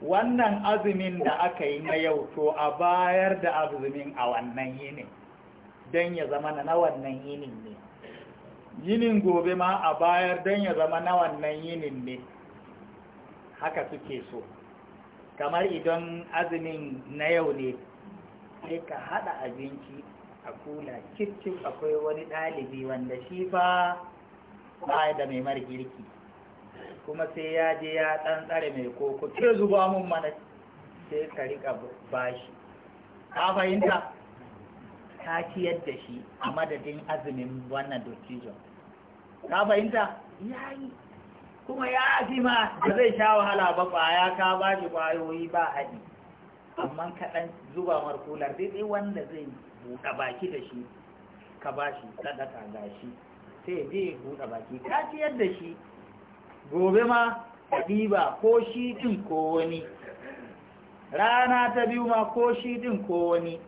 wannan azumin da aka yi na yau to a bayar da azumin a wannan yinin don ya zama na wannan yinin ne yinin gobe ma a bayar don ya zama na wannan yinin ne haka suke so kamar idan azumin na yau ne sai ka haɗa abinci a kula cikin akwai wani ɗalibi wanda shi fa ba da mai mara girki kuma sai ya je ya ɗan tsare mai koko ce zuba mun mana sai ka riƙa bashi ka fahimta ka ciyar da shi a madadin azumin wannan dottijon ka fahimta ya yi kuma ya fi ma da zai sha wahala ba ƙwaya ka ba shi ƙwayoyi ba haɗi amma kaɗan zuba zai daidai wanda zai buɗa baki da shi ka ba shi sadaka ta gashi sai ya je buɗa baki ka ciyar da shi gobe ma ka ɗiba ko shi ɗin ko wani rana ta biyu ma ko shi ɗin ko wani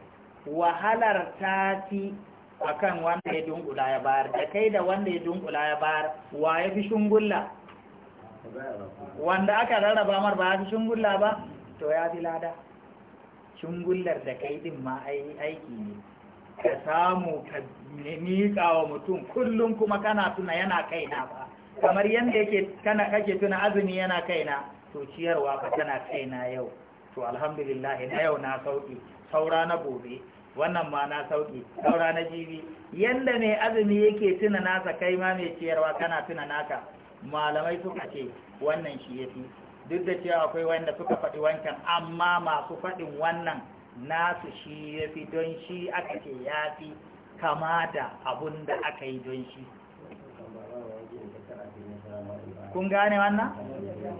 wahalar ta fi a kan wanda ya dunkula ya bayar da kai da wanda ya dunkula ya bayar wa ya fi shungulla wanda aka rarraba mar ba ya fi shungulla ba to ya fi lada shungullar da kai din ma aiki ne ka samu ka miƙa wa mutum kullum kuma kana tuna yana kai na ba kamar yadda yake kana kake tuna azumi yana kaina to ciyarwa fa tana kaina yau to alhamdulillah na yau na sauki saura na gobe wannan ma na sauki saura na jibi yanda mai azumi yake tuna nasa kai ma mai ciyarwa kana tuna naka malamai suka ce wannan shi yafi duk da cewa akwai wanda suka faɗi wancan amma masu faɗin wannan nasu shi yafi don shi aka ce yafi kama da abun da aka yi don shi kun gane wannan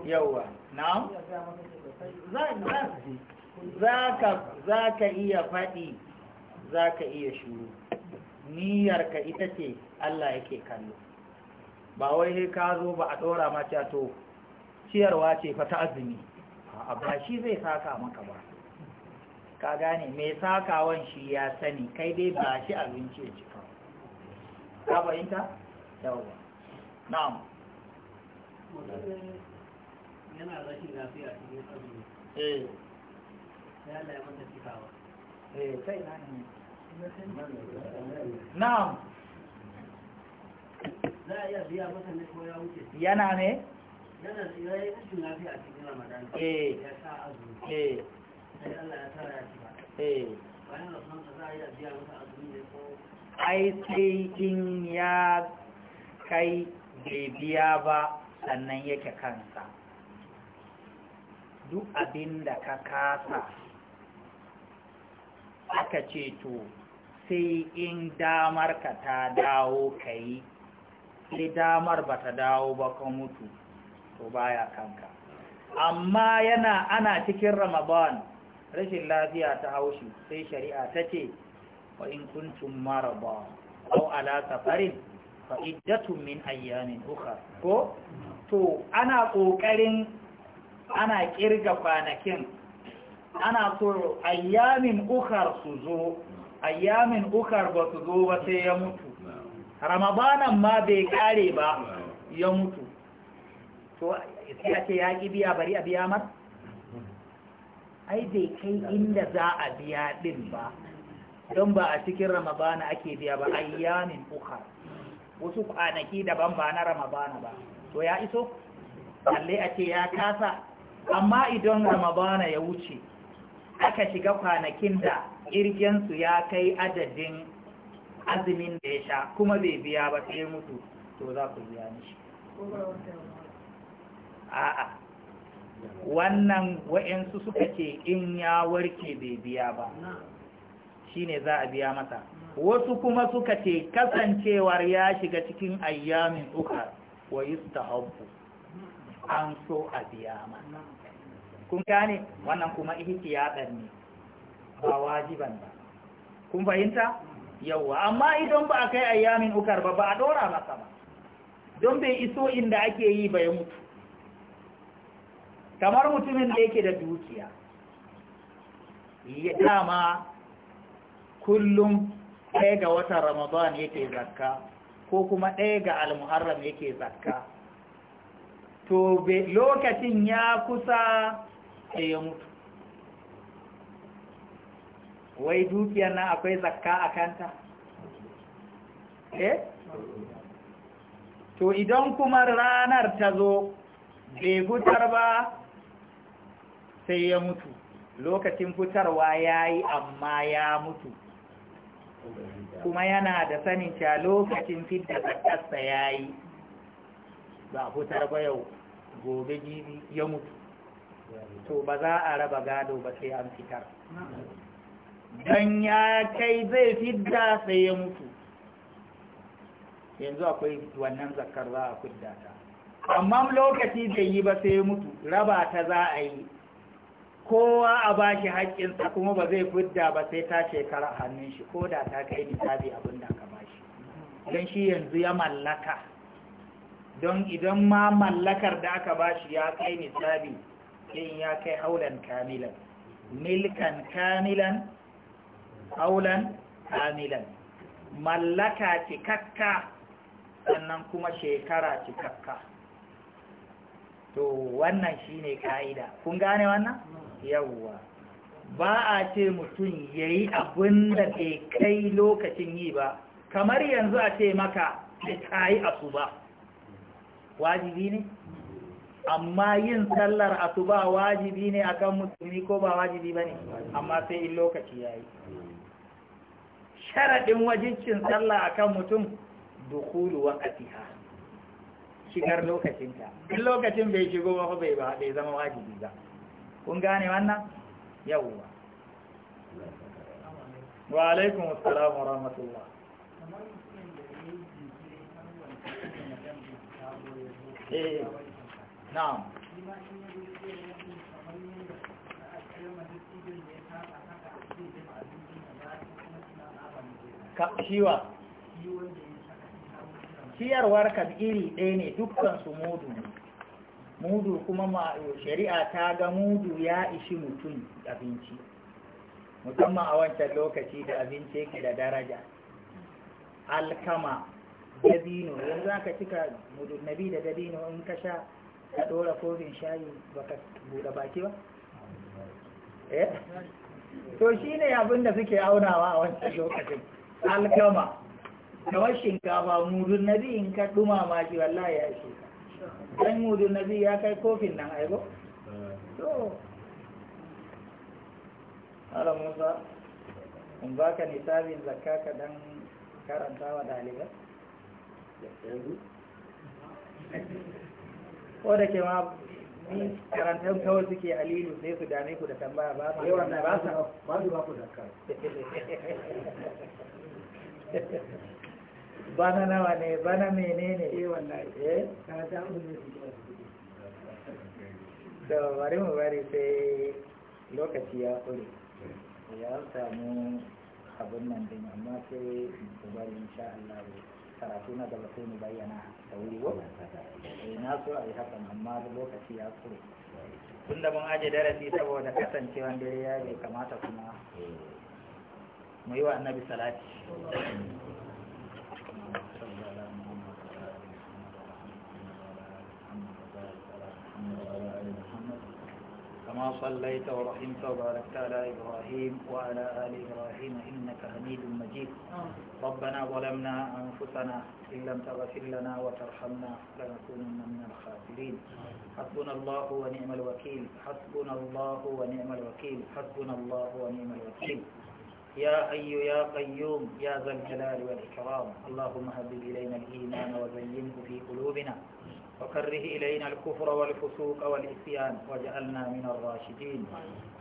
yauwa na za ka iya faɗi za ka iya shuru ka ita ce Allah yake kallo ba wai he ka zo ba a ɗora mata to ciyarwa ce fa ta azumi ba shi zai saka maka ba ka gane mai sakawan shi ya sani kai dai ba shi abinci ya cika ka fahimta yauwa na'am yana rashin lafiya cikin eh. Allah ya cikawa eh kai na na'am za a iya biya ne ko ya wuce yana ne yana rashin lafiya cikin ramadan eh ya sa azumi eh sai Allah ya eh bayan ramadan za a iya biya azumi ne ko ai sai in ya kai bai biya ba sannan yake kansa duk abin da ka kasa aka ce to sai in damar ka ta dawo ka yi sai damar ba ta dawo ba ka mutu to baya kanka amma yana ana cikin ramadan rashin lafiya ta haushi sai shari'a ta ce wa in kuntum maraba aw ala safarin fa iddatun min ayyamin ukhra ko to ana ƙoƙarin ana ƙirga kwanakin ana so ayyamin ukar su zo ayyamin ukar ba su zo ba sai ya mutu ramadanan ma bai kare ba ya mutu to sai a ce ya ƙi biya bari a biya mar ai bai kai inda za a biya ɗin ba don ba a cikin ramadana ake biya ba ayyamin ukar wasu kwanaki daban ba na ramadana ba to ya iso kalle a ce ya kasa amma idan ramadana ya wuce aka shiga kwanakin da irgensu ya kai adadin azumin da ya sha kuma bai biya ba sai mutu to za ku biya mishi a'a wannan wa'yansu suka ce in ya warke bai biya ba shine za a biya masa wasu kuma suka ce kasancewar ya shiga cikin ayyamin ukar wa yustahabbu an so a biya mana kun gane wannan kuma ihtiyadan ne ba wajiban ba kun fahimta yawa amma idan ba a kai ayyamin ukar ba ba a dora masa ba don bai iso inda ake yi bai mutu kamar mutumin da yake da dukiya dama kullum ɗaya ga watan ramadan yake zakka ko kuma ɗaya ga almuharram yake zakka to lokacin ya kusa sai ya mutu wai dukiyar nan akwai zakka a kanta eh to idan kuma ranar ta zo bai gutar ba sai ya mutu lokacin fitarwa ya yi amma ya mutu kuma yana da sanin cewa lokacin fidda zakarsa ya yi ba a fitar ba yau gobe jibi ya mutu to ba za a raba gado ba sai an fitar don ya kai zai fidda sai ya mutu yanzu akwai wannan zakar za a fidda ta amma lokaci zai yi ba sai ya mutu raba ta za a yi kowa a bashi haƙƙinsa kuma ba zai gudda ba sai ta shekara hannun shi ko da ta kai nisabi abin da ka bashi don shi yanzu ya mallaka don idan ma mallakar da aka bashi ya kai nisabi sai ya kai haulan kamilan milkan kamilan haulan kamilan mallaka cikakka sannan kuma shekara cikakka to wannan shi ne ka'ida kun gane wannan yawwa ba a ce mutum ya yi abin da bai kai lokacin yi ba kamar yanzu a ce maka da ta yi asuba wajibi ne amma yin sallar asuba wajibi ne akan musulmi ko ba wajibi ba ne amma sai in lokaci ya yi sharaɗin wajincin sallah akan mutum dukulu waƙatiha shigar lokacinta in lokacin bai shigo ba bai zama wajibi ba kun gane wannan yawwa wa alaikum assalamu wa rahmatullah eh na'am shiwa kan iri ɗaya ne dukkan su modu ne mudu kuma ma shari'a ta ga mudu ya ishi mutum abinci musamman a wancan lokaci da abinci yake da daraja alkama dabino yanzu aka cika mudu nabi da dabino in ka sha ka ɗora kofin shayi baka buɗe baki ba eh to ne abin da suke aunawa a wancan lokacin alkama kamar shinkafa mudun nabi in ka ɗumama shi wallahi ya shi dan na nabi ya kai kofin nan aiko ala musa in ba ka nisabin zakka ka dan karanta wa dalibai ko da ke ma ni karantar kawai suke alilu sai su dame ku da tambaya ba su ba su ba ku zakka bana nawa ne bana menene eh wallahi eh ka ta da bari mu bari sai lokaci ya kure ya samu abin nan din amma sai mu bari insha Allah karatu na gaba sai mu bayyana da wuri ko eh na so a yi hakan amma lokaci ya kure tunda mun aje darasi saboda kasancewan dare ya bai kamata kuma eh. mu yi wa annabi salati eh. كما صليت ورحمت وباركت على إبراهيم وعلى آل إبراهيم إنك حميد مجيد ربنا ظلمنا أنفسنا إن لم تغفر لنا وترحمنا لنكونن من الخاسرين حسبنا الله ونعم الوكيل حسبنا الله ونعم الوكيل حسبنا الله ونعم الوكيل يا حي يا قيوم يا ذا الجلال والإكرام اللهم هب إلينا الإيمان وزينه في قلوبنا وكره إلينا الكفر والفسوق والعصيان واجعلنا من الراشدين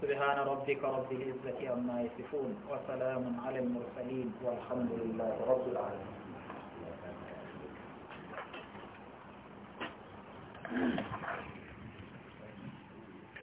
سبحان ربك رب العزة عما يصفون وسلام على المرسلين والحمد لله رب العالمين Thank you.